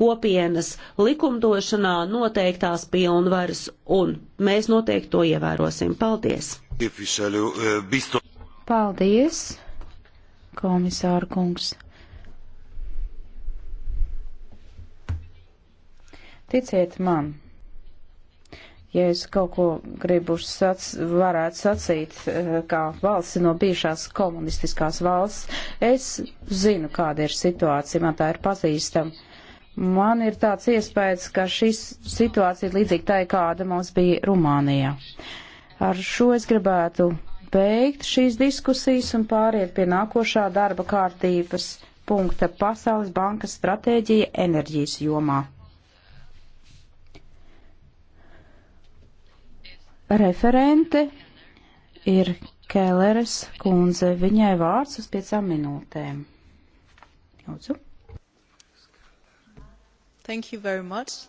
kopienas likumdošanā noteiktās pilnvaras, un mēs noteikti to ievērosim. Paldies! Paldies, komisāra kungs! Ticiet man, ja es kaut ko gribu sac, varētu sacīt, eh, kā valsts no bijušās komunistiskās valsts, es zinu, kāda ir situācija, man tā ir pazīstama. Man ir tāds iespējas, ka šī situācija ir līdzīga tai, kāda mums bija Rumānijā. Ar šo es gribētu beigt šīs diskusijas un pāriet pie nākošā darba kārtības punkta Pasaules bankas stratēģija enerģijas jomā. Referente ir Kēleres kundze. Viņai vārds uz piecām minūtēm. Lūdzu. Thank you very much.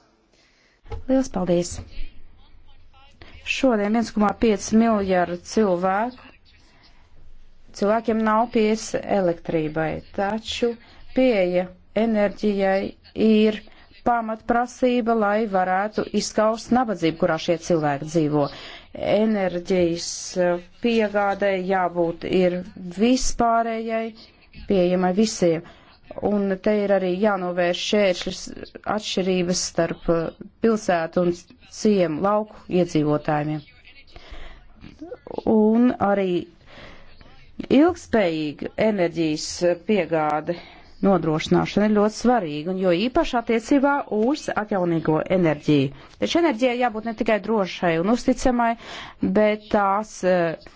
Lielas paldies! Šodien 1,5 miljardu cilvēku cilvēkiem nav pieejas elektrībai, taču pieeja enerģijai ir pamatprasība, lai varētu izskaust nabadzību, kurā šie cilvēki dzīvo. Enerģijas eh, piegādai jābūt ir vispārējai, pieejamai visiem. Un te ir arī jānovērš šķēršļas atšķirības starp uh, pilsētu un ciemu lauku iedzīvotājiem. Un arī ilgspējīga enerģijas piegāde nodrošināšana ir ļoti svarīga, un jo īpaši attiecībā uz atjaunīgo enerģiju. Taču enerģijai jābūt ne tikai drošai un uzticamai, bet tās uh,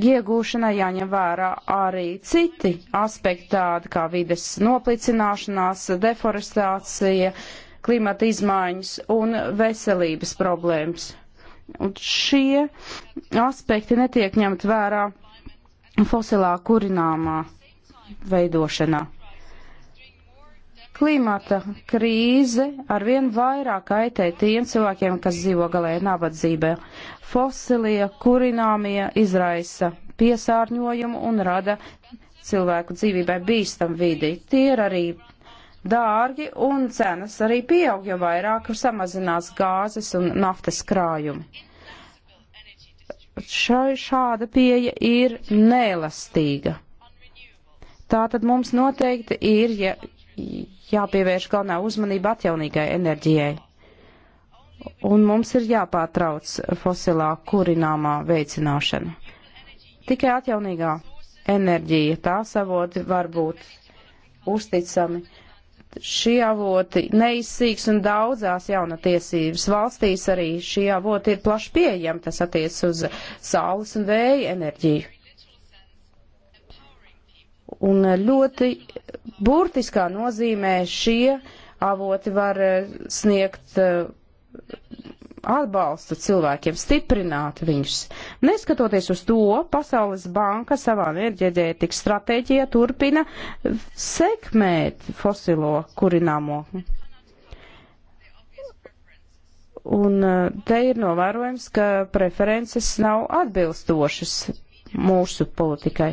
iegūšanai jāņem vērā arī citi aspekti, tādi kā vides noplicināšanās, deforestācija, klimata izmaiņas un veselības problēmas. Un šie aspekti netiek ņemt vērā fosilā kurināmā veidošanā. Klimata krīze arvien vairāk kaitē tiem cilvēkiem, kas dzīvo galēji nabadzībā. Fosilie kurināmie izraisa piesārņojumu un rada cilvēku dzīvībai bīstam vidi. Tie ir arī dārgi un cenas arī pieaug, jo vairāk samazinās gāzes un naftas krājumi. Šai šāda pieeja ir neelastīga. Tātad mums noteikti ir ja, jāpievērš galvenā uzmanība atjaunīgai enerģijai un mums ir jāpārtrauc fosilā kurināmā veicināšana. Tikai atjaunīgā enerģija, tā savoti var būt uzticami. Šie avoti neizsīks un daudzās jaunatiesības valstīs arī šie avoti ir plaši pieejami, tas attiec uz saules un vēja enerģiju. Un ļoti burtiskā nozīmē šie avoti var sniegt atbalsta cilvēkiem, stiprināt viņus. Neskatoties uz to, Pasaules banka savā enerģētikas stratēģijā turpina sekmēt fosilo kurināmo. Un eh, te ir novērojams, ka preferences nav atbilstošas mūsu politikai.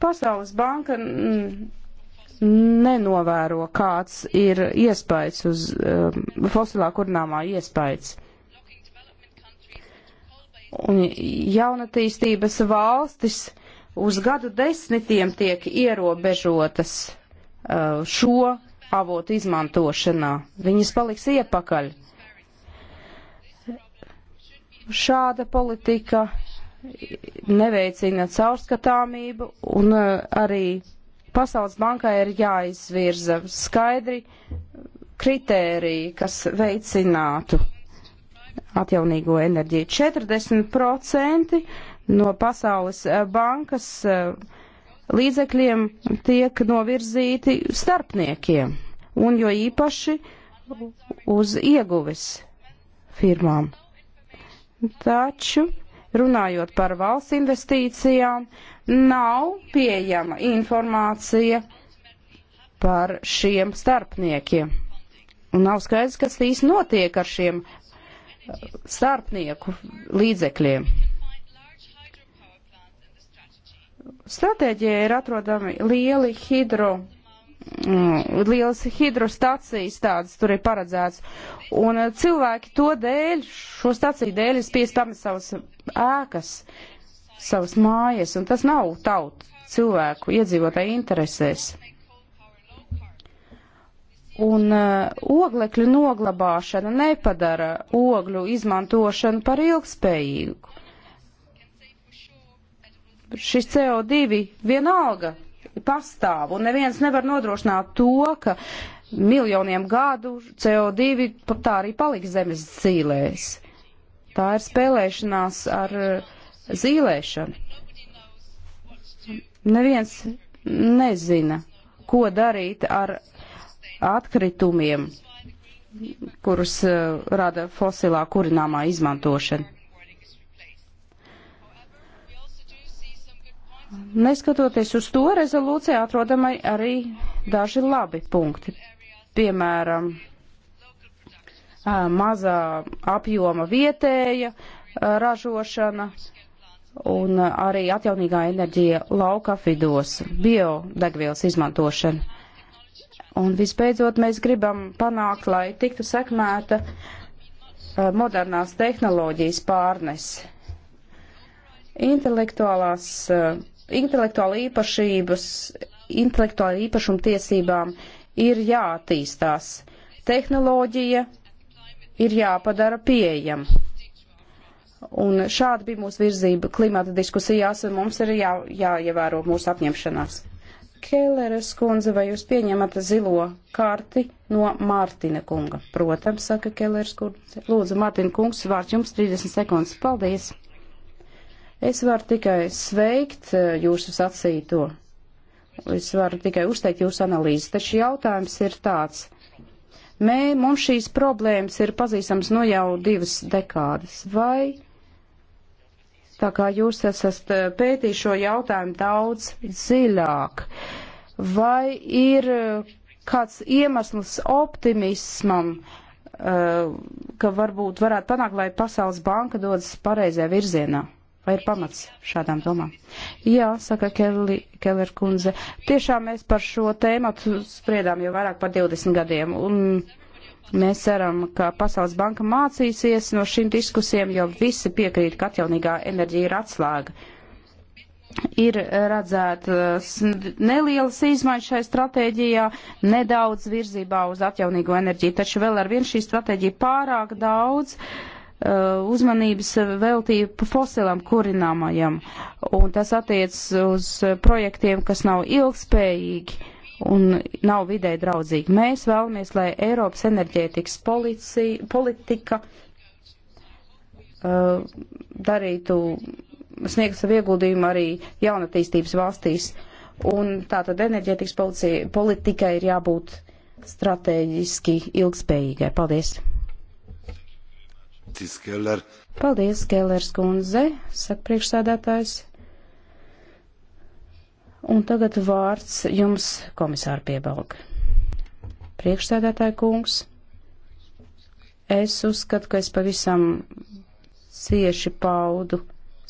Pasaules banka. Mm, nenovēro, kāds ir iespējas uz um, fosilā kurināmā iespējas. Un jaunatīstības valstis uz gadu desmitiem tiek ierobežotas uh, šo avotu izmantošanā. Viņas paliks iepakaļ. Šāda politika neveicina caurskatāmību un uh, arī Pasaules bankai ir jāizvirza skaidri kritēriji, kas veicinātu atjaunīgo enerģiju. 40% no Pasaules eh, bankas eh, līdzekļiem tiek novirzīti starpniekiem, un jo īpaši uz ieguves firmām. Taču runājot par valsts investīcijām, nav pieejama informācija par šiem starpniekiem. Un nav skaidrs, kas īsti notiek ar šiem uh, starpnieku līdzekļiem. Stratēģijā ir atrodami lieli hidro Mm, liels hidrostacijas tādas tur ir paredzēts. Un eh, cilvēki to dēļ, šo staciju dēļ ir spiest pamest savas ēkas, savas mājas, un tas nav tautu cilvēku iedzīvotāju interesēs. Un uh, oglekļu noglabāšana nepadara ogļu izmantošanu par ilgspējīgu. Šis CO2 vienalga pastāv, un neviens nevar nodrošināt to, ka miljoniem gadu CO2 tā arī paliks zemes zīlēs. Tā ir spēlēšanās ar eh, zīlēšanu. Neviens nezina, ko darīt ar atkritumiem, kurus uh, rada fosilā kurināmā izmantošana. Neskatoties uz to, rezolūcijā atrodamai arī daži labi punkti. Piemēram, mazā apjoma vietēja ražošana un arī atjaunīgā enerģija lauka vidos, biodegvielas izmantošana. Un visbeidzot, mēs gribam panākt, lai tiktu sekmēta modernās tehnoloģijas pārnes. Intelektuālās uh, intelektuāla īpašības, intelektuāla īpašuma tiesībām ir jātīstās. Tehnoloģija ir jāpadara pieejama. Un šāda bija mūsu virzība klimata diskusijās, un mums ir jā, jāievēro mūsu apņemšanās. Kelleres kundze, vai jūs pieņemat zilo karti no Mārtina kunga? Protams, saka Kelleres kundze. Lūdzu, Mārtina kungs, vārds jums 30 sekundes. Paldies! Es varu tikai sveikt eh, jūsu sacīto. Es varu tikai uzteikt jūsu analīzi, taču jautājums ir tāds. Mē, mums šīs problēmas ir pazīstams no jau divas dekādas. Vai tā kā jūs esat eh, pētījis šo jautājumu daudz dziļāk, vai ir eh, kāds iemesls optimismam, ka varbūt varētu panākt, lai Pasaules banka dodas pareizajā virzienā? Vai ir pamats šādām domām? Jā, saka Kelly, Keller kundze. Tiešām mēs par šo tēmatu spriedām jau vairāk par 20 gadiem. Un mēs ceram, ka Pasaules banka mācīsies no šīm diskusijām, jo visi piekrīt, ka atjaunīgā enerģija ir atslēga. Ir redzētas nelielas izmaiņas šai stratēģijā, nedaudz virzībā uz atjaunīgo enerģiju, taču vēl ar vienu šī stratēģija pārāk daudz. Uh, Uh, uzmanības veltīja fosilam kurināmajam, un tas attiec uz projektiem, kas nav ilgspējīgi un nav vidē draudzīgi. Mēs vēlamies, lai Eiropas enerģētikas policija, politika uh, darītu, sniegtu savu ieguldījumu arī jaunatīstības valstīs. Un tātad enerģētikas policija, politika ir jābūt strateģiski ilgspējīgai. Paldies! Paldies, Kellers kundze, saka priekšsādātājs. Un tagad vārds jums, komisāra piebalga. Priekšsēdētāja kungs, es uzskatu, ka es pavisam cieši paudu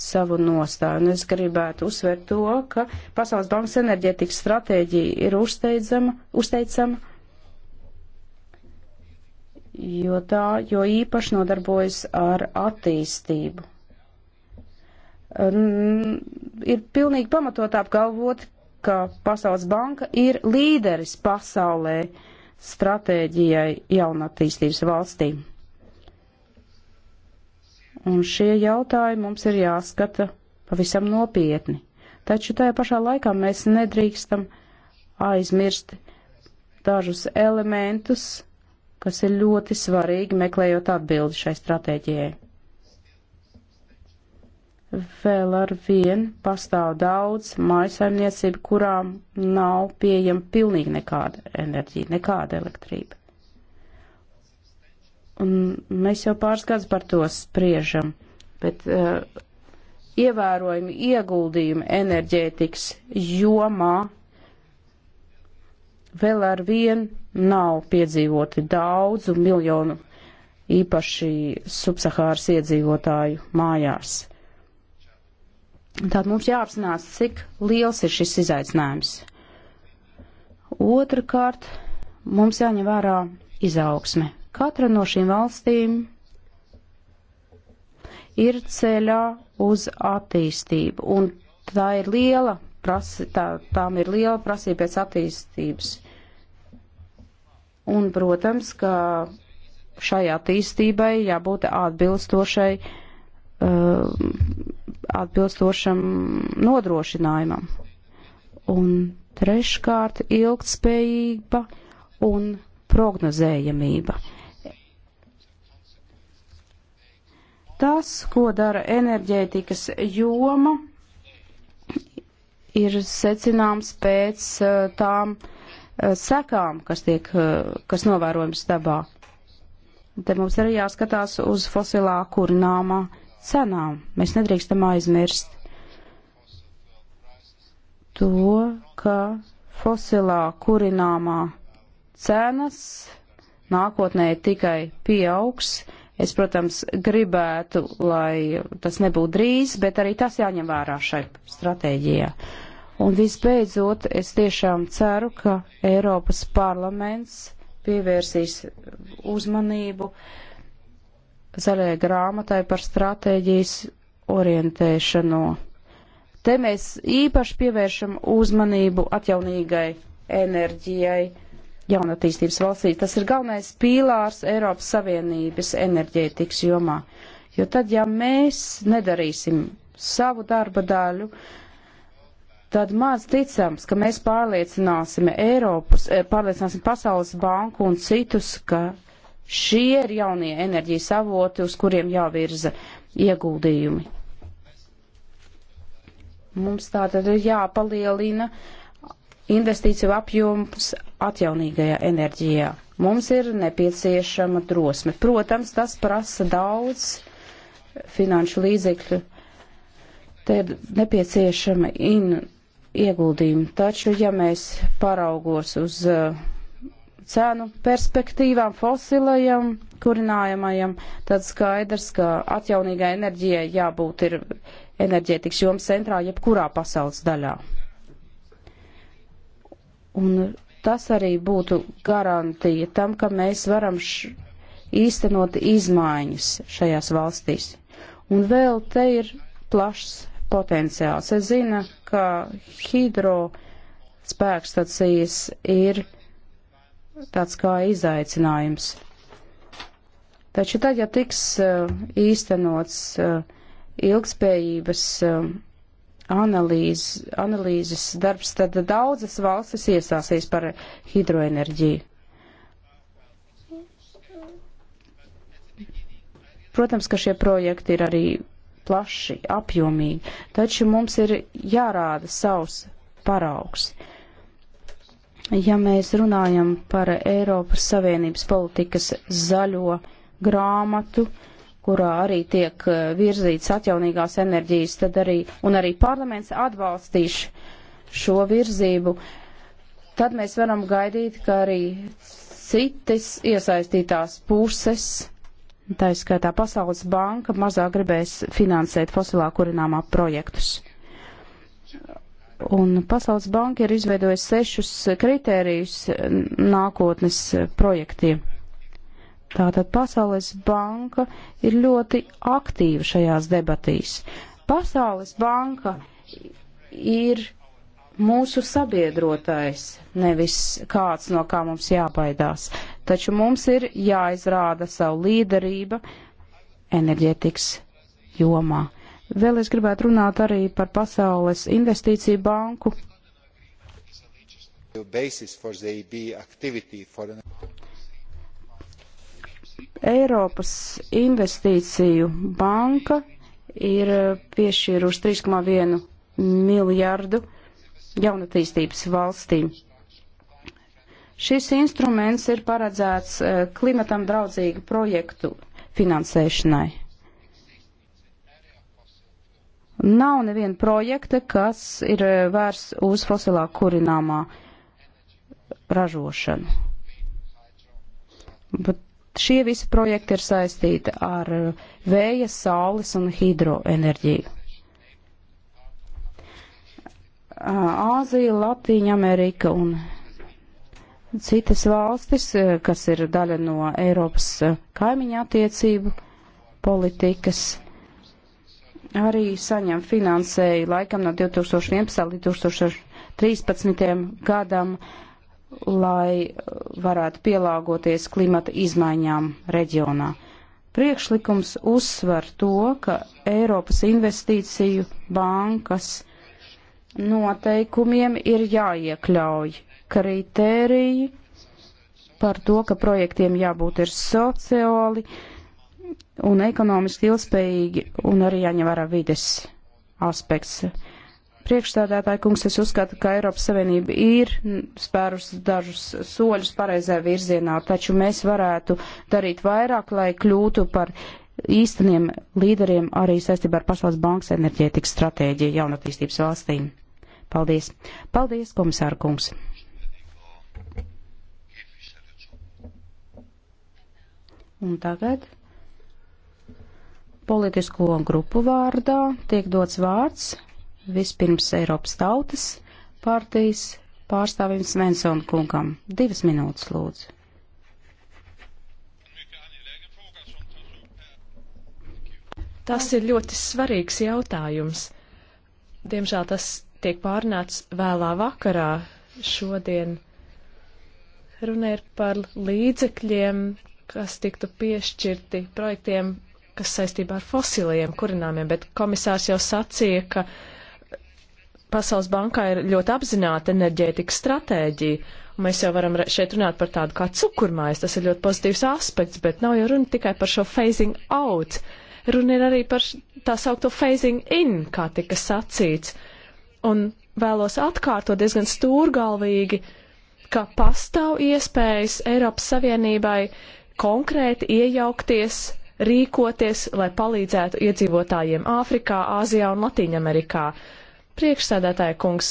savu nostāju. Un es gribētu uzsvērt to, ka Pasaules bankas enerģētikas stratēģija ir uzteicama, uzteicama jo tā jo īpaši nodarbojas ar attīstību. Um, ir pilnīgi pamatot apgalvot, ka Pasaules banka ir līderis pasaulē stratēģijai jaunatīstības valstīm. Un šie jautājumi mums ir jāskata pavisam nopietni. Taču tajā pašā laikā mēs nedrīkstam aizmirst dažus elementus, kas ir ļoti svarīgi meklējot atbildi šai stratēģijai. Vēl ar vienu pastāv daudz mājasaimniecību, kurām nav pieejama pilnīgi nekāda enerģija, nekāda elektrība. Un mēs jau pāris gadus par to spriežam, bet uh, ievērojami ieguldījumi enerģētikas jomā vēl ar vien nav piedzīvoti daudzu miljonu īpaši subsahāras iedzīvotāju mājās. Tātad mums jāapzinās, cik liels ir šis izaicinājums. Otrakārt, mums jāņem vērā izaugsme. Katra no šīm valstīm ir ceļā uz attīstību, un tā ir liela prasa, tā, tām ir liela prasība pēc attīstības. Un, protams, ka šai attīstībai jābūt atbilstošai, uh, atbilstošam nodrošinājumam. Un treškārt ilgtspējība un prognozējamība. Tas, ko dara enerģētikas joma, ir secināms pēc eh, tām uh, Eh, sekām, kas, tiek, eh, kas novērojams dabā. Te mums arī jāskatās uz fosilā kurināmā cenām. Mēs nedrīkstam aizmirst to, ka fosilā kurināmā cenas nākotnē tikai pieaugs. Es, protams, gribētu, lai tas nebūtu drīz, bet arī tas jāņem vērā šai stratēģijai. Un visbeidzot, es tiešām ceru, ka Eiropas parlaments pievērsīs uzmanību zaļajai grāmatai par stratēģijas orientēšanu. Te mēs īpaši pievēršam uzmanību atjaunīgai enerģijai jaunatīstības valstīs. Tas ir galvenais pīlārs Eiropas Savienības enerģētikas jomā. Jo tad, ja mēs nedarīsim savu darba daļu, uh, tad maz ticams, ka mēs pārliecināsim Eiropas, eh, pārliecināsim Pasaules banku un citus, ka šie ir jaunie enerģijas avoti, uz kuriem jāvirza ieguldījumi. Mums tātad ir jāpalielina investīciju apjoms atjaunīgajā enerģijā. Mums ir nepieciešama drosme. Protams, tas prasa daudz finanšu līdzekļu. Te ir nepieciešama in ieguldījumu. Taču, ja mēs paraugos uz uh, cenu perspektīvām fosilajam kurinājumajam, tad skaidrs, ka atjaunīgai enerģijai jābūt ir enerģētikas jomas centrā jebkurā pasaules daļā. Un tas arī būtu garantija tam, ka mēs varam š, īstenot izmaiņas šajās valstīs. Un vēl te ir plašs potenciāls. Es zinu, ka hidro spēkstacijas ir tāds kā izaicinājums. Taču tad, ja tiks eh, īstenots eh, ilgspējības eh, analīz, analīzes darbs, tad daudzas valstis iestāsies par hidroenerģiju. Protams, ka šie projekti ir arī plaši, apjomīgi, taču mums ir jārāda savs paraugs. Ja mēs runājam par Eiropas Savienības politikas zaļo grāmatu, kurā arī tiek eh, virzīts atjaunīgās enerģijas, tad arī, un arī parlaments atbalstīs šo virzību, tad mēs varam gaidīt, ka arī citas iesaistītās puses Tā izskaitā Pasaules banka mazāk gribēs finansēt fosilā kurināmā projektus. Un Pasaules banka ir izveidojusi sešus kritērijus nākotnes projektiem. Tātad Pasaules banka ir ļoti aktīva šajās debatīs. Pasaules banka ir mūsu sabiedrotais, nevis kāds no kā mums jābaidās taču mums ir jāizrāda savu līderība enerģētikas jomā. Vēl es gribētu runāt arī par Pasaules investīciju banku. Eiropas investīciju banka ir piešķīrusi 3,1 miljardu jaunatīstības valstīm. Šis instruments ir paredzēts eh, klimatam draudzīgu projektu finansēšanai. Nav neviena projekta, kas ir eh, vērsts uz fosilā kurināmā ražošanu. Bet šie visi projekti ir saistīti ar eh, vēja, saules un hidroenerģiju. Āzija, Latīņa Amerika un citas valstis, eh, kas ir daļa no Eiropas eh, kaimiņa attiecību politikas, arī saņem finansēju laikam no 2011. līdz 2013. gadam, lai varētu pielāgoties klimata izmaiņām reģionā. Priekšlikums uzsver to, ka Eiropas investīciju bankas noteikumiem ir jāiekļauj kritēriji par to, ka projektiem jābūt ir sociāli un ekonomiski ilgspējīgi un arī jāņem vērā vides aspekts. Priekšstādātāja kungs, es uzskatu, ka Eiropas Savienība ir spērus dažus soļus pareizajā virzienā, taču mēs varētu darīt vairāk, lai kļūtu par īsteniem līderiem arī saistībā ar Pasaules bankas enerģētikas stratēģiju jaunatīstības valstīm. Paldies! Paldies, komisāra kungs! Un tagad politisko grupu vārdā tiek dots vārds vispirms Eiropas tautas partijas pārstāvim Svensona kungam. Divas minūtes lūdzu. Tas ir ļoti svarīgs jautājums. Diemžēl tas tiek pārnāts vēlā vakarā šodien. Runa ir par līdzekļiem, kas tiktu piešķirti projektiem, kas saistībā ar fosilajiem kurināmiem, bet komisārs jau sacīja, ka Pasaules bankā ir ļoti apzināta enerģētikas stratēģija. Mēs jau varam šeit runāt par tādu kā cukurmais, tas ir ļoti pozitīvs aspekts, bet nav jau runa tikai par šo phasing out. Runa ir arī par tā saukto phasing in, kā tika sacīts. Un vēlos atkārtot diezgan stūrgalvīgi, ka pastāv iespējas Eiropas Savienībai konkrēti iejaukties, rīkoties, lai palīdzētu iedzīvotājiem Āfrikā, Āzijā un Latīņamerikā. Priekšsēdētāja kungs,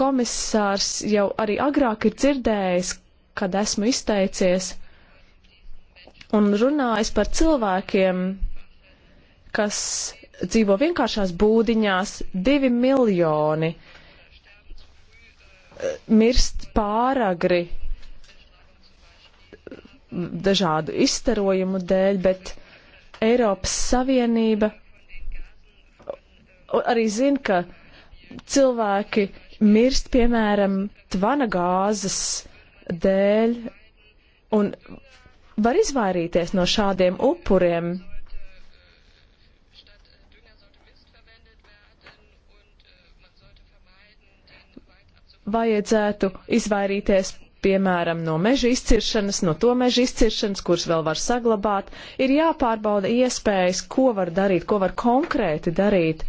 komisārs jau arī agrāk ir dzirdējis, kad esmu izteicies un runājis par cilvēkiem, kas dzīvo vienkāršās būdiņās, divi miljoni eh, mirst pāragri dažādu izstarojumu dēļ, bet Eiropas Savienība arī zina, ka cilvēki mirst, piemēram, tvana gāzes dēļ un var izvairīties no šādiem upuriem. Vajadzētu izvairīties piemēram, no meža izciršanas, no to meža izciršanas, kuras vēl var saglabāt, ir jāpārbauda iespējas, ko var darīt, ko var konkrēti darīt.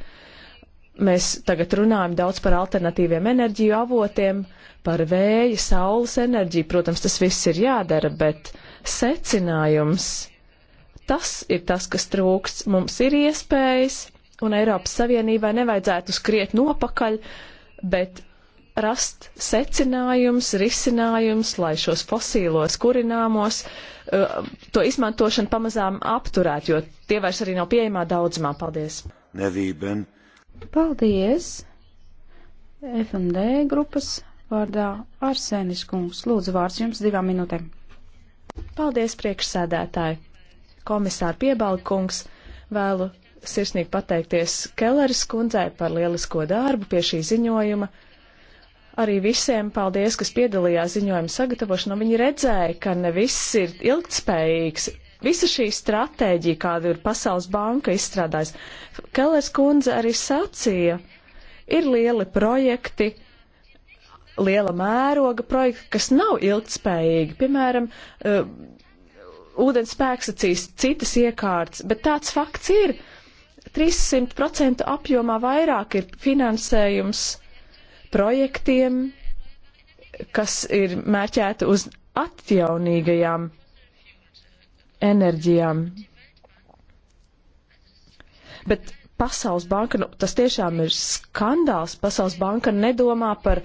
Mēs tagad runājam daudz par alternatīviem enerģiju avotiem, par vēju, saules enerģiju. Protams, tas viss ir jādara, bet secinājums tas ir tas, kas trūkst. Mums ir iespējas, un Eiropas Savienībai nevajadzētu skriet nopakaļ, bet rast secinājums, risinājums, lai šos fosīlos kurināmos uh, to izmantošanu pamazām apturētu, jo tie vairs arī nav pieejamā daudzumā. Paldies! Nevīben. Paldies! FMD grupas vārdā Arsēnis Kungs. Lūdzu, vārds jums divām minūtēm. Paldies, priekšsēdētāji! Komisāra Piebalkungs vēlu sirsnīgi pateikties Kelleris kundzei par lielisko darbu pie šī ziņojuma arī visiem paldies, kas piedalījās ziņojuma sagatavošanā. Viņi redzēja, ka ne viss ir ilgtspējīgs. Visa šī stratēģija, kādu ir Pasaules banka izstrādājis, Kellers kundze arī sacīja, ir lieli projekti, liela mēroga projekti, kas nav ilgtspējīgi. Piemēram, uh, ūdens spēksacīs, citas iekārtas, bet tāds fakts ir. 300% apjomā vairāk ir finansējums uh, projektiem, kas ir mērķēti uz atjaunīgajām enerģijām. Bet Pasaules banka, nu, tas tiešām ir skandāls. Pasaules banka nedomā par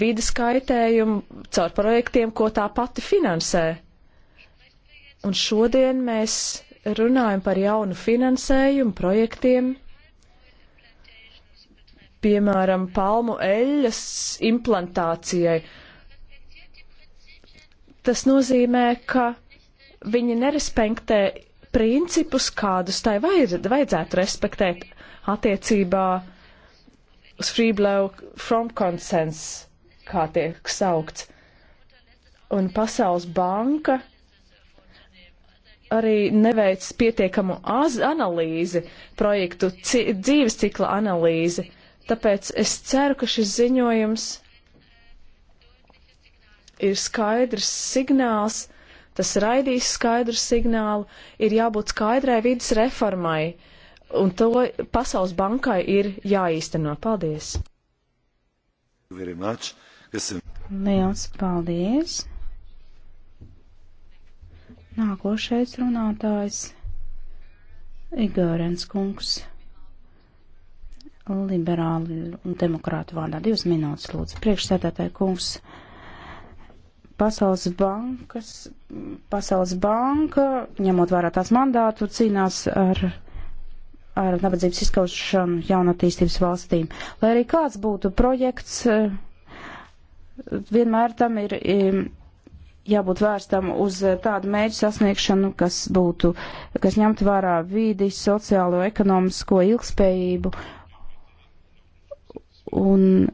vidas kaitējumu caur projektiem, ko tā pati finansē. Un šodien mēs runājam par jaunu finansējumu projektiem, piemēram, palmu eļļas implantācijai. Tas nozīmē, ka viņi nerespektē principus, kādus tai vajadzētu respektēt attiecībā uz free blow from consents, kā tiek saukts. Un Pasaules banka arī neveic pietiekamu analīzi, projektu ci dzīves cikla analīzi. Uh, Tāpēc es ceru, ka šis ziņojums ir skaidrs signāls, tas raidīs skaidru signālu, ir jābūt skaidrai vidas reformai, un to Pasaules bankai ir jāīsteno. Paldies! Liels paldies! Nākošais runātājs Igorens Kungs liberāli un demokrātu vārdā. Divas minūtes, lūdzu. Priekšsēdētāji kungs. Pasaules bankas, Pasaules banka, ņemot vērā tās mandātu, cīnās ar, ar nabadzības izkaušanu jaunatīstības valstīm. Lai arī kāds būtu projekts, vienmēr tam ir jābūt vērstam uz tādu mērķu sasniegšanu, kas būtu, kas ņemtu vērā vīdi, sociālo, ekonomisko ilgspējību un,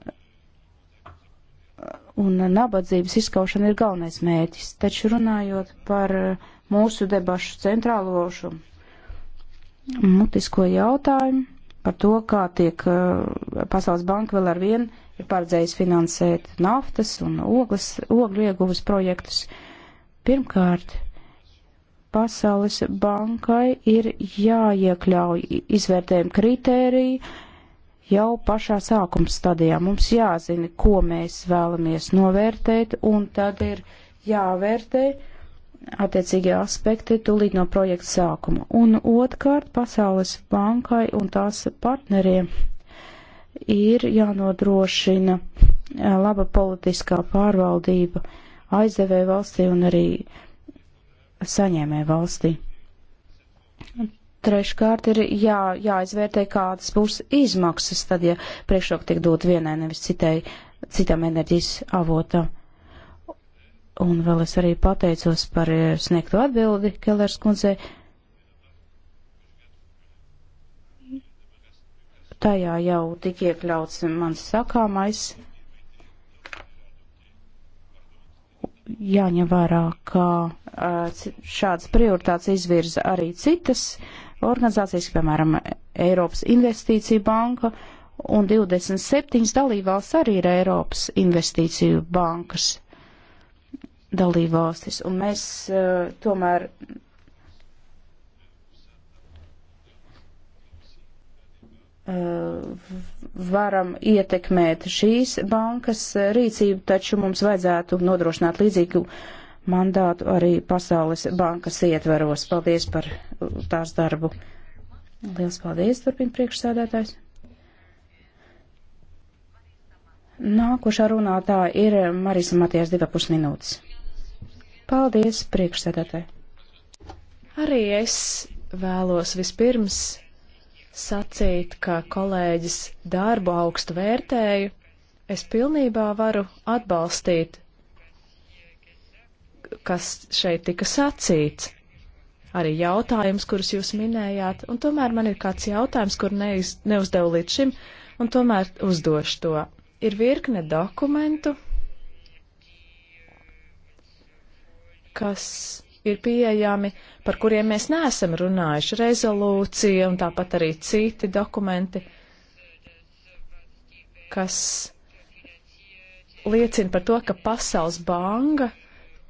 un nabadzības izskaušana ir galvenais mērķis. Taču runājot par mūsu debašu centrālo šo mutisko jautājumu par to, kā tiek eh, Pasaules banka vēl ar vienu ir paredzējis finansēt naftas un ogles, ogļu ieguvas projektus. Pirmkārt, Pasaules bankai ir jāiekļauj izvērtējuma kritēriju, jau pašā sākuma stadijā. Mums jāzina, ko mēs vēlamies novērtēt, un tad ir jāvērtē attiecīgie aspekti tūlīt no projekta sākuma. Un otrkārt, Pasaules bankai un tās partneriem ir jānodrošina eh, laba politiskā pārvaldība aizdevēja valstī un arī saņēmē valstī treškārt ir jā, jāizvērtē, kādas būs izmaksas, tad, ja priekšroka tiek dot vienai, nevis citai, citam enerģijas avotam. Un vēl es arī pateicos par eh, sniegto atbildi Kellers kundzei. Tajā jau tik iekļauts mans sakāmais. Jāņem vērā, ka eh, šādas prioritātes izvirza arī citas uh, organizācijas, piemēram, Eiropas Investīcija banka, un 27 dalībvalsts arī ir Eiropas Investīciju bankas dalībvalstis. Un mēs uh, tomēr. Uh, varam ietekmēt šīs bankas rīcību, taču mums vajadzētu nodrošināt līdzīgu uh, mandātu arī Pasaules bankas ietvaros. Paldies par tās darbu. Liels paldies, turpina priekšsēdētājs. Nākošā runātā ir Marisa Matijas divi pus minūtes. Paldies, priekšsēdētāji. Arī es vēlos vispirms sacīt, ka kolēģis darbu augstu vērtēju. Es pilnībā varu atbalstīt kas šeit tika sacīts, arī jautājums, kurus jūs minējāt, un tomēr man ir kāds jautājums, kur neiz, neuzdevu līdz šim, un tomēr uzdošu to. Ir virkne dokumentu, kas ir pieejami, par kuriem mēs neesam runājuši - rezolūcija un tāpat arī citi dokumenti, kas liecina par to, ka Pasaules banka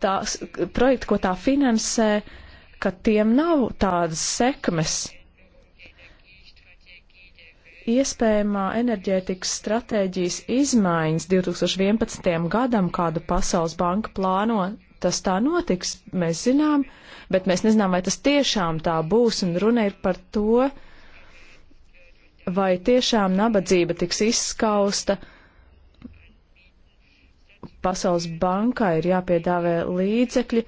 tās projekti, ko tā finansē, ka tiem nav tādas sekmes. Iespējamā enerģētikas stratēģijas izmaiņas 2011. gadam, kādu Pasaules banka plāno, tas tā notiks, mēs zinām, bet mēs nezinām, vai tas tiešām tā būs, un runa ir par to, vai tiešām nabadzība tiks izskausta, uh, Pasaules bankai ir jāpiedāvē līdzekļi,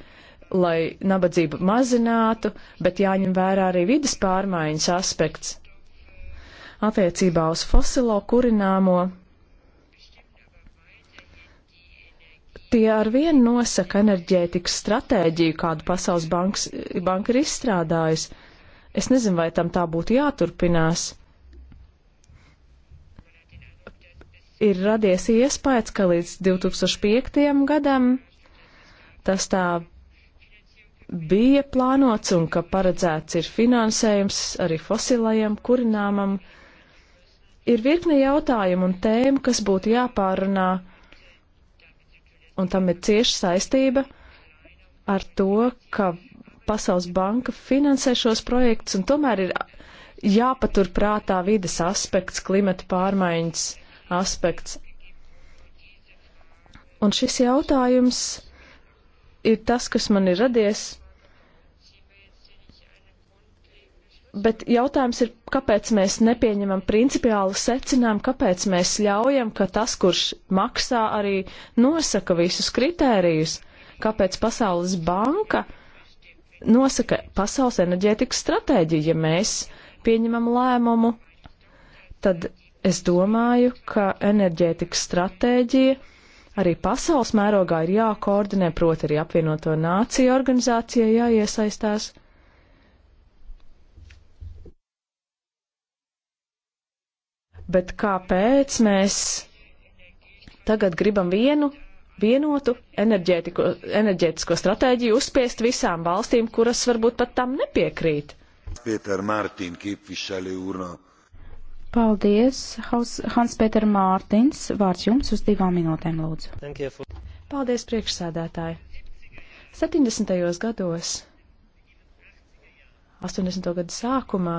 lai nabadzību mazinātu, bet jāņem vērā arī vidas pārmaiņas aspekts. Attiecībā uz fosilo kurināmo tie ar vienu nosaka enerģētikas stratēģiju, kādu Pasaules banks, banka ir izstrādājusi. Es nezinu, vai tam tā būtu jāturpinās. ir radies iespējas, ka līdz 2005. gadam tas tā bija plānots un ka paredzēts ir finansējums arī fosilajam kurināmam. Ir virkni jautājumu un tēmu, kas būtu jāpārunā, un tam ir cieša saistība ar to, ka Pasaules banka finansē šos projektus, un tomēr ir jāpatur prātā vides aspekts, klimata pārmaiņas aspekts. Un šis jautājums ir tas, kas man ir radies. Bet jautājums ir, kāpēc mēs nepieņemam principiālu secinājumu, kāpēc mēs ļaujam, ka tas, kurš maksā, arī nosaka visus kritērijus, kāpēc Pasaules banka nosaka pasaules enerģētikas stratēģiju. Ja mēs pieņemam lēmumu, tad Es domāju, ka enerģētikas stratēģija arī pasaules mērogā ir jākoordinē, proti arī apvienoto nāciju organizācija jāiesaistās. Bet kāpēc mēs tagad gribam vienu vienotu enerģētisko stratēģiju uzspiest visām valstīm, kuras varbūt pat tam nepiekrīt? Pēter Mārtiņ, képviselő úrnak Paldies, Hans-Peter Mārtins. Vārds jums uz divām minūtēm, lūdzu. Paldies, priekšsēdētāji. 70. gados, 80. gadu sākumā,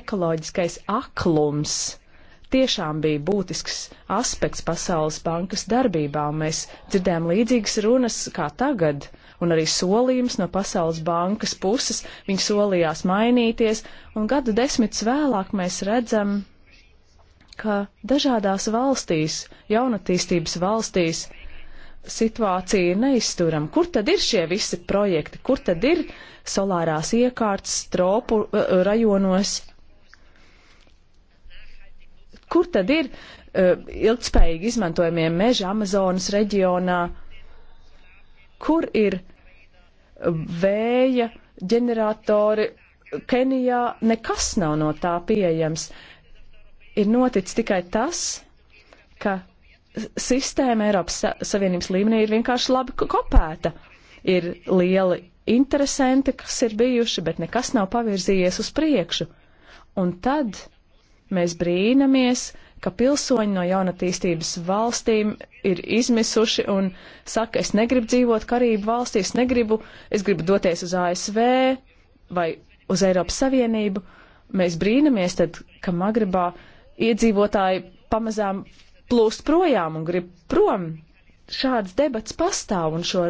ekoloģiskais aklums tiešām bija būtisks aspekts Pasaules bankas darbībā, un mēs dzirdējām līdzīgas runas kā tagad, un arī solījums no Pasaules bankas puses. Viņi solījās mainīties, un gadu desmitus vēlāk mēs redzam, ka dažādās valstīs, jaunatīstības valstīs, situācija ir neizturama. Kur tad ir šie visi projekti? Kur tad ir solārās iekārtas tropu eh, rajonos? Kur tad ir uh, ilgspējīgi izmantojamie meži Amazonas reģionā? Kur ir vēja ģeneratori? Kenijā nekas nav no tā pieejams. Ir noticis tikai tas, ka sistēma Eiropas Savienības līmenī ir vienkārši labi kopēta. Ir lieli interesanti, kas ir bijuši, bet nekas nav pavirzījies uz priekšu. Un tad Mēs brīnamies, ka pilsoņi no jaunatīstības valstīm ir izmisuši un saka, es negribu dzīvot Karību valstīs, negribu, es gribu doties uz ASV vai uz Eiropas Savienību. Mēs brīnamies tad, ka Magribā iedzīvotāji pamazām plūst projām un grib prom. Šāds debats pastāv un šo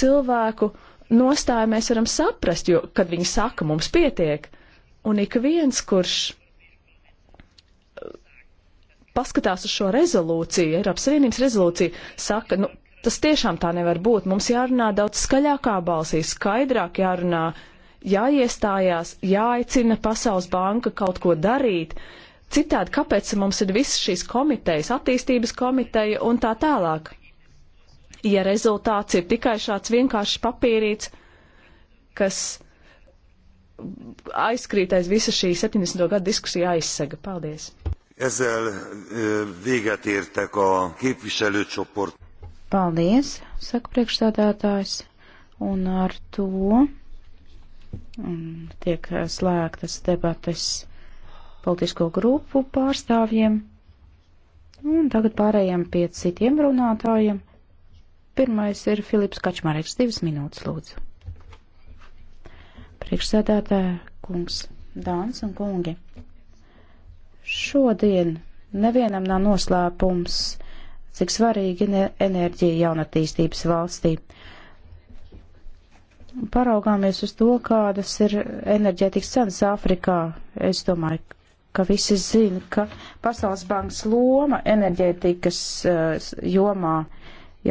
cilvēku nostāju mēs varam saprast, jo, kad viņi saka, mums pietiek, un ik viens, kurš paskatās uz šo rezolūciju, Eiropas Savienības rezolūciju, saka, nu, tas tiešām tā nevar būt. Mums jārunā daudz skaļākā balsī, skaidrāk jārunā, jāiestājās, jāaicina Pasaules banka kaut ko darīt. Citādi, kāpēc mums ir visas šīs komitejas, attīstības komiteja un tā tālāk? Ja rezultāts ir tikai šāds vienkāršs papīrīts, kas aizkrīt aiz visa šī 70. gada diskusija aizsega. Paldies! Ezzel véget értek a képviselőcsoport. Paldies, saka priekšstādātājs, un ar to mm, tiek slēgtas debates politisko grupu pārstāvjiem. Un tagad pārējām pie citiem runātājiem. Pirmais ir Filips Kačmareks, divas minūtes lūdzu. Priekšsēdētāja kungs, dāns un kungi. Šodien nevienam nav noslēpums, cik svarīgi enerģija jaunatīstības valstī. Paraugāmies uz to, kādas ir enerģētikas cenas Āfrikā. Es domāju, ka visi zina, ka Pasaules bankas loma enerģētikas uh, jomā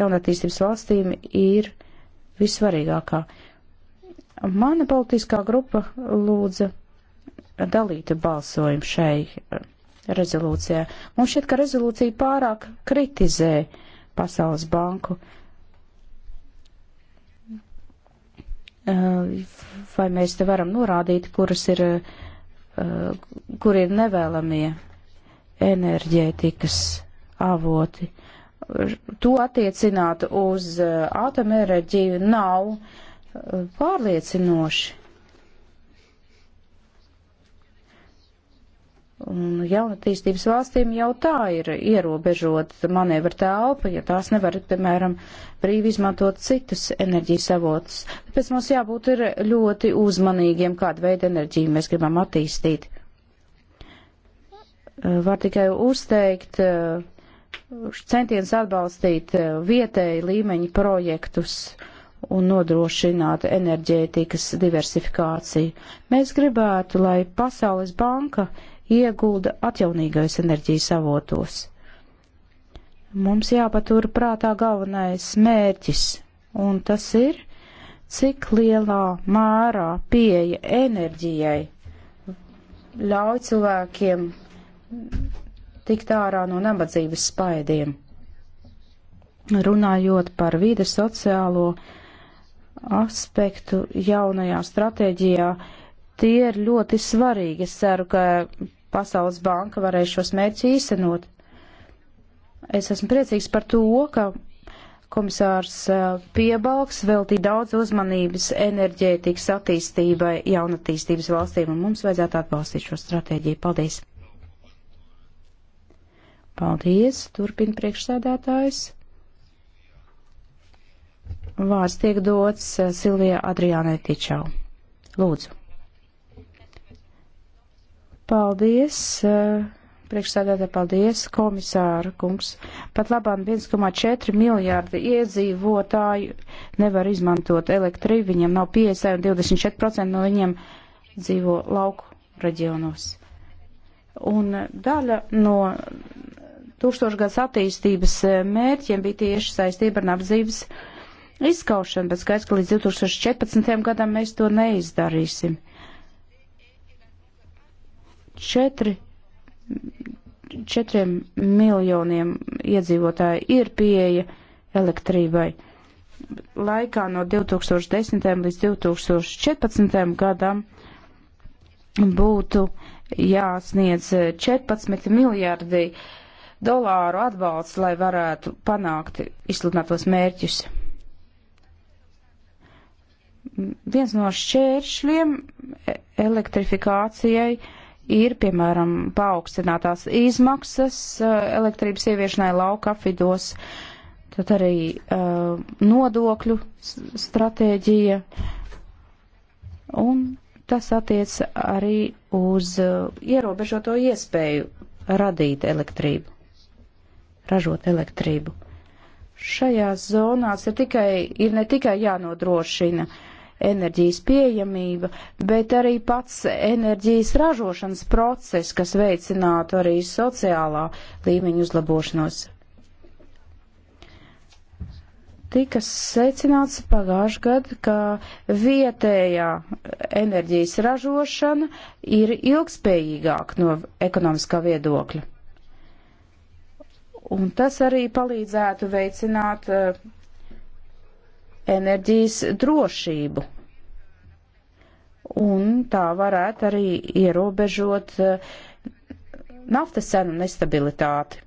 jaunatīstības valstīm ir visvarīgākā. Mana politiskā grupa lūdza dalītu balsojumu šai eh, rezolūcijā. Mums šķiet, ka rezolūcija pārāk kritizē Pasaules banku. Eh, vai mēs te varam norādīt, kuras ir, eh, kur ir nevēlamie enerģētikas avoti? To attiecināt uz atomenerģiju nav pārliecinoši Un jaunatīstības valstīm jau tā ir ierobežota manevra telpa, ja tās nevar, piemēram, brīvi izmantot citus enerģijas avotus. Tāpēc mums jābūt ir ļoti uzmanīgiem, kādu veidu enerģiju mēs gribam attīstīt. Var tikai uzteikt centiens atbalstīt vietēji līmeņi projektus un nodrošināt enerģētikas diversifikāciju. Mēs gribētu, lai Pasaules banka iegulda atjaunīgais enerģijas avotos. Mums jāpatur prātā galvenais mērķis, un tas ir, cik lielā mērā pieeja enerģijai ļauj cilvēkiem tikt ārā no nabadzības spaidiem. Runājot par vides sociālo aspektu jaunajā stratēģijā, uh, Tie ir ļoti svarīgi. Es ceru, ka Pasaules banka varēs šos mērķus īstenot. Es esmu priecīgs par to, ka komisārs Piebalgs veltīja daudz uzmanības enerģētikas attīstībai jaunatīstības valstīm, un mums vajadzētu atbalstīt šo stratēģiju. Paldies! Paldies! Turpina priekšsēdētājs. Vārds tiek dots Silvijai Adriānai Tičau. Lūdzu! Paldies, eh, priekšsēdētāji, paldies, komisāra kungs. Pat labāk 1,4 miljārdi iedzīvotāju nevar izmantot elektrību, viņiem nav pieeja, un 24% no viņiem dzīvo lauku reģionos. Un daļa no tūkstošgads attīstības eh, mērķiem bija tieši saistība ar nabadzības izskaušanu, bet skaidrs, ka līdz 2014. gadam mēs to neizdarīsim. Četri, četriem miljoniem iedzīvotāji ir pieeja elektrībai. Laikā no 2010. līdz 2014. gadam būtu jāsniedz 14 miljardi dolāru atbalsts, lai varētu panākt izsludinātos mērķus. Viens no šķēršļiem e- elektrifikācijai ir, piemēram, paaugstinātās izmaksas uh, elektrības ieviešanai lauka apvidos, tad arī uh, nodokļu stratēģija, un tas attiec arī uz uh, ierobežoto iespēju radīt elektrību, ražot elektrību. Šajās zonās ir, tikai, ir ne tikai jānodrošina uh, enerģijas pieejamība, bet arī pats enerģijas ražošanas process, kas veicinātu arī sociālā līmeņa uzlabošanos. Tika secināts pagājuši gadu, ka vietējā enerģijas ražošana ir ilgspējīgāk no ekonomiskā viedokļa. Un tas arī palīdzētu veicināt uh, enerģijas drošību. Un tā varētu arī ierobežot eh, naftas cenu nestabilitāti.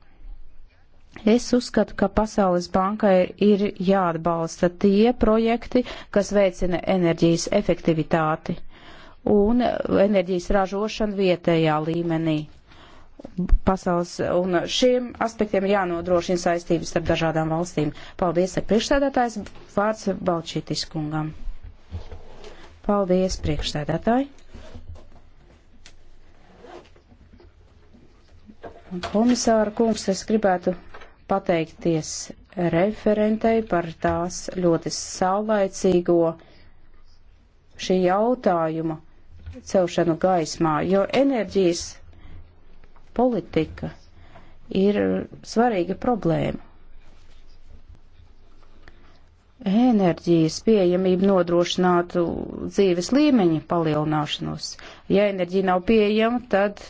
Es uzskatu, ka Pasaules bankai ir jāatbalsta tie projekti, kas veicina enerģijas efektivitāti un enerģijas ražošanu vietējā līmenī pasaules, un šiem aspektiem ir jānodrošina saistības starp dažādām valstīm. Paldies, ar priekšsēdētājs vārds Balčītis kungam. Paldies, priekšsēdētāji. Komisāra kungs, es gribētu pateikties referentei par tās ļoti saulaicīgo šī jautājuma celšanu gaismā, jo enerģijas politika ir svarīga problēma. Enerģijas pieejamība nodrošinātu dzīves līmeņa palielināšanos. Ja enerģija nav pieejama, tad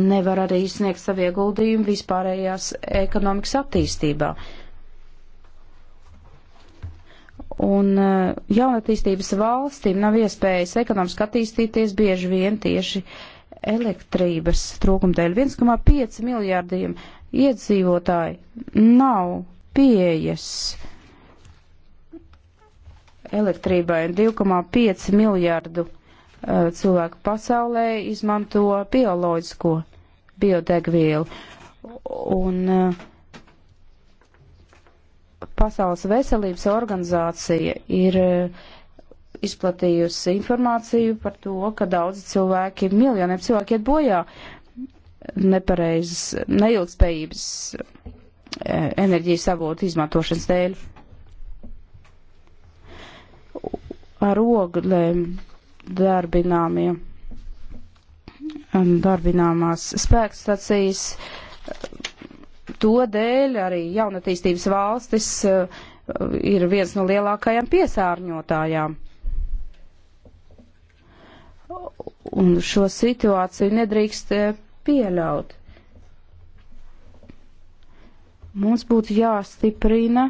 nevar arī sniegt savu ieguldījumu vispārējās ekonomikas attīstībā. Un e, jaunatīstības valstīm nav iespējas ekonomiski attīstīties bieži vien tieši uh, elektrības trūkuma dēļ 1,5 miljārdiem iedzīvotāji nav pieejas elektrībai. 2,5 miljārdu uh, cilvēku pasaulē izmanto bioloģisko biodegvielu. Un uh, Pasaules veselības organizācija ir uh, izplatījusi informāciju par to, ka daudzi cilvēki, miljoniem cilvēki iet bojā nepareizas, neilgspējības e, enerģijas avotu izmantošanas dēļ. Ar oglēm darbināmie, darbināmās spēkstacijas, to dēļ arī jaunatīstības valstis e, ir viens no lielākajām piesārņotājām un šo situāciju nedrīkst eh, pieļaut. Mums būtu jāstiprina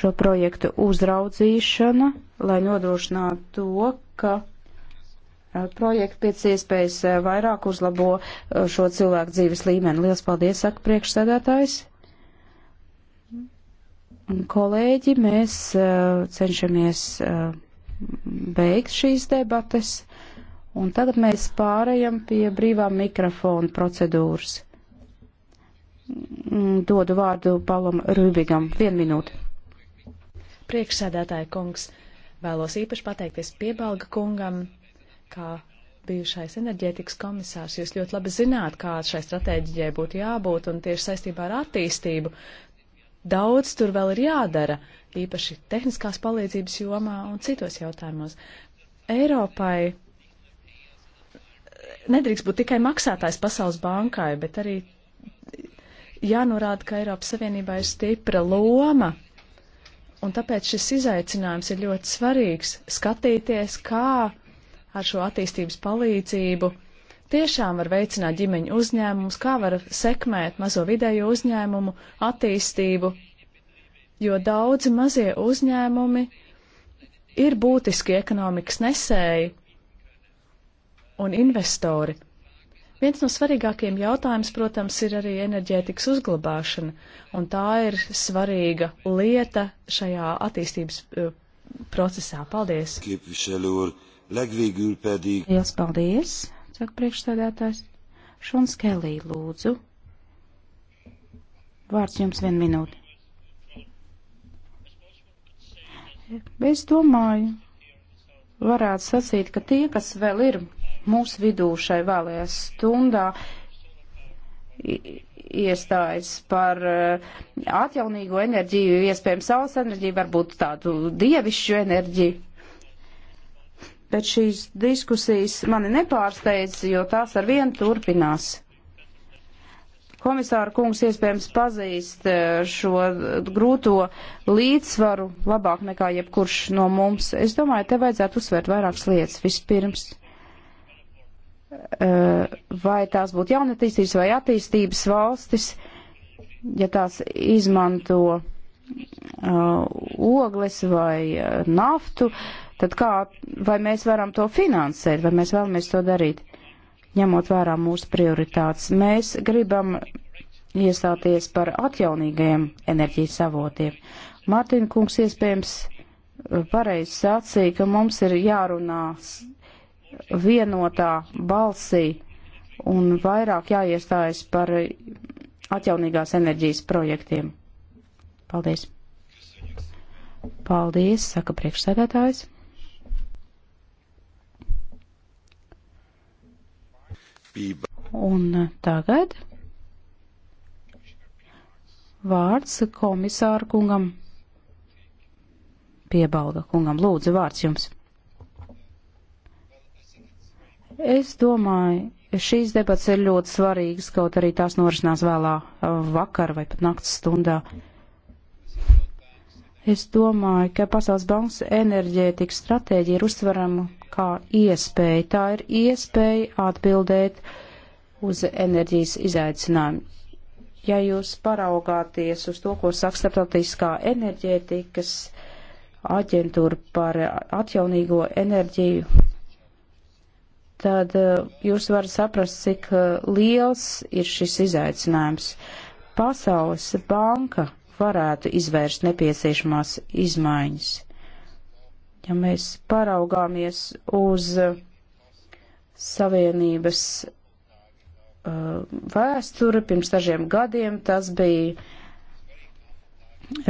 šo projektu uzraudzīšana, lai nodrošinātu to, ka eh, projekti pēc iespējas eh, vairāk uzlabo šo cilvēku dzīves līmeni. Lielas paldies, saka priekšsēdētājs. Kolēģi, mēs cenšamies beigt šīs debates, un tagad mēs pārējam pie brīvā mikrofona procedūras. Mm, dodu vārdu Palam Rūbigam. Vienu minūti. Priekšsēdētāja kungs, vēlos īpaši pateikties piebalga kungam, kā bijušais enerģētikas komisārs, jūs ļoti labi zināt, kā šai stratēģijai būtu jābūt un tieši saistībā ar attīstību. Daudz tur vēl ir jādara, īpaši tehniskās palīdzības jomā un citos jautājumos. Eiropai nedrīkst būt tikai maksātājs Pasaules bankai, bet arī jānorāda, ka Eiropas Savienībā ir stipra loma. Un tāpēc šis izaicinājums ir ļoti svarīgs skatīties, kā ar šo attīstības palīdzību tiešām var veicināt ģimeņu uzņēmumus, kā var sekmēt mazo vidējo uzņēmumu attīstību, jo daudzi mazie uzņēmumi ir būtiski ekonomikas nesēji un investori. Viens no svarīgākajiem jautājums, protams, ir arī enerģētikas uzglabāšana, un tā ir svarīga lieta šajā attīstības uh, procesā. Paldies! Liels paldies! saka priekšstādātājs. Šons Kelī, lūdzu. Vārds jums vien minūte. Es domāju, varētu sacīt, ka tie, kas vēl ir mūsu vidū šai vēlējā stundā, iestājas par uh, atjaunīgo enerģiju, iespējams saules enerģiju, varbūt tādu dievišķu enerģiju bet šīs diskusijas mani nepārsteidz, jo tās ar vienu turpinās. Komisāra kungs iespējams pazīst eh, šo grūto līdzsvaru labāk nekā jebkurš no mums. Es domāju, te vajadzētu uzsvērt vairākas lietas. Vispirms, eh, vai tās būtu jaunatīstības vai attīstības valstis, ja tās izmanto eh, ogles vai naftu, uh, tad kā, vai mēs varam to finansēt, vai mēs vēlamies to darīt, ņemot vērā mūsu prioritātes. Mēs gribam iestāties par atjaunīgajiem enerģijas avotiem. Mārtiņa kungs iespējams eh, pareizi sacīja, ka mums ir jārunā vienotā balsī un vairāk jāiestājas par atjaunīgās enerģijas projektiem. Paldies! Paldies, saka priekšsēdētājs. Un tagad vārds komisāra kungam. Piebalga kungam, lūdzu, vārds jums. Es domāju, šīs debats ir ļoti svarīgas, kaut arī tās norisinās vēlā uh, vakar vai pat naktas stundā. Mm. Es domāju, ka Pasaules bankas enerģētikas stratēģija ir uztverama kā iespēja. Tā ir iespēja atbildēt uz enerģijas izaicinājumu. Ja jūs paraugāties uz to, ko saka starptautiskā enerģētikas aģentūra par atjaunīgo enerģiju, tad eh, jūs varat saprast, cik eh, liels ir šis izaicinājums. Pasaules banka varētu izvērst nepieciešamās izmaiņas. Ja mēs paraugāmies uz uh, Savienības uh, vēsturi pirms dažiem gadiem, tas bija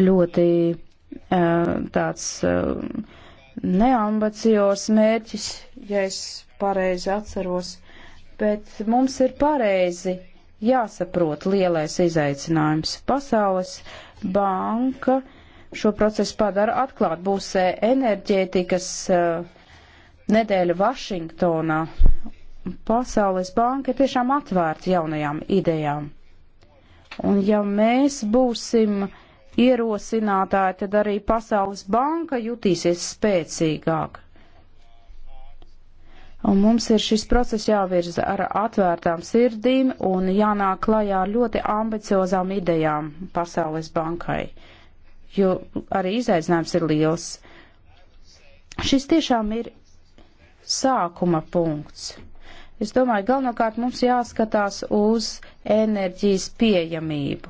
ļoti uh, tāds neambiciozs mērķis, ja es pareizi atceros, bet mums ir pareizi jāsaprot lielais izaicinājums pasaules banka šo procesu padara atklāt. Būs eh, enerģētikas eh, nedēļa Vašingtonā. Pasaules banka ir tiešām atvērta jaunajām idejām. Un ja mēs būsim ierosinātāji, tad arī Pasaules banka jutīsies spēcīgāk. Un mums ir šis process jāvirza ar atvērtām sirdīm un jānāk klajā ar ļoti ambiciozām idejām Pasaules bankai, jo arī izaicinājums ir liels. Šis tiešām ir sākuma punkts. Es domāju, galvenokārt mums jāskatās uz enerģijas pieejamību.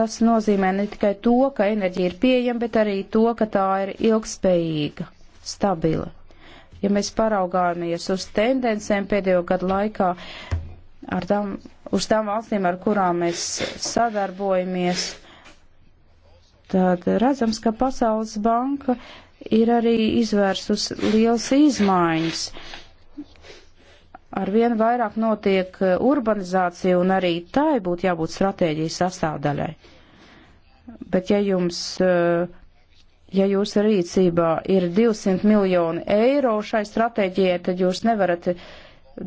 Tas nozīmē ne tikai to, ka enerģija ir pieejama, bet arī to, ka tā ir ilgspējīga, stabila ja mēs paraugāmies uz tendencēm pēdējo gadu laikā, ar tām, uz tām valstīm, ar kurām mēs sadarbojamies, tad redzams, ka Pasaules banka ir arī izvērsus liels izmaiņas. Arvien vairāk notiek urbanizācija un arī tai būtu jābūt stratēģijas sastāvdaļai. Bet ja jums uh, ja jūsu rīcībā ir 200 miljoni eiro šai stratēģijai, tad jūs nevarat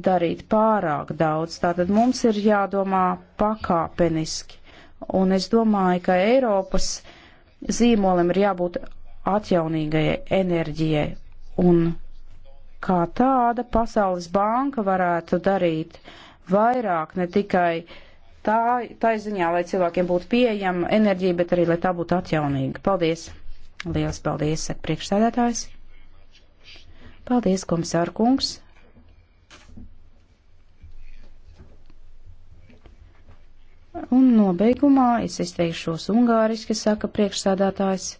darīt pārāk daudz. Tātad mums ir jādomā pakāpeniski. Un es domāju, ka Eiropas zīmolim ir jābūt atjaunīgajai enerģijai. Un kā tāda Pasaules banka varētu darīt vairāk ne tikai tā, tā ziņā, lai cilvēkiem būtu pieejama enerģija, bet arī, lai tā būtu atjaunīga. Paldies! Liels paldies, saka priekšsēdētājs. Paldies, komisāra kungs. Un nobeigumā es izteikšos ungāriski, saka priekšsēdētājs.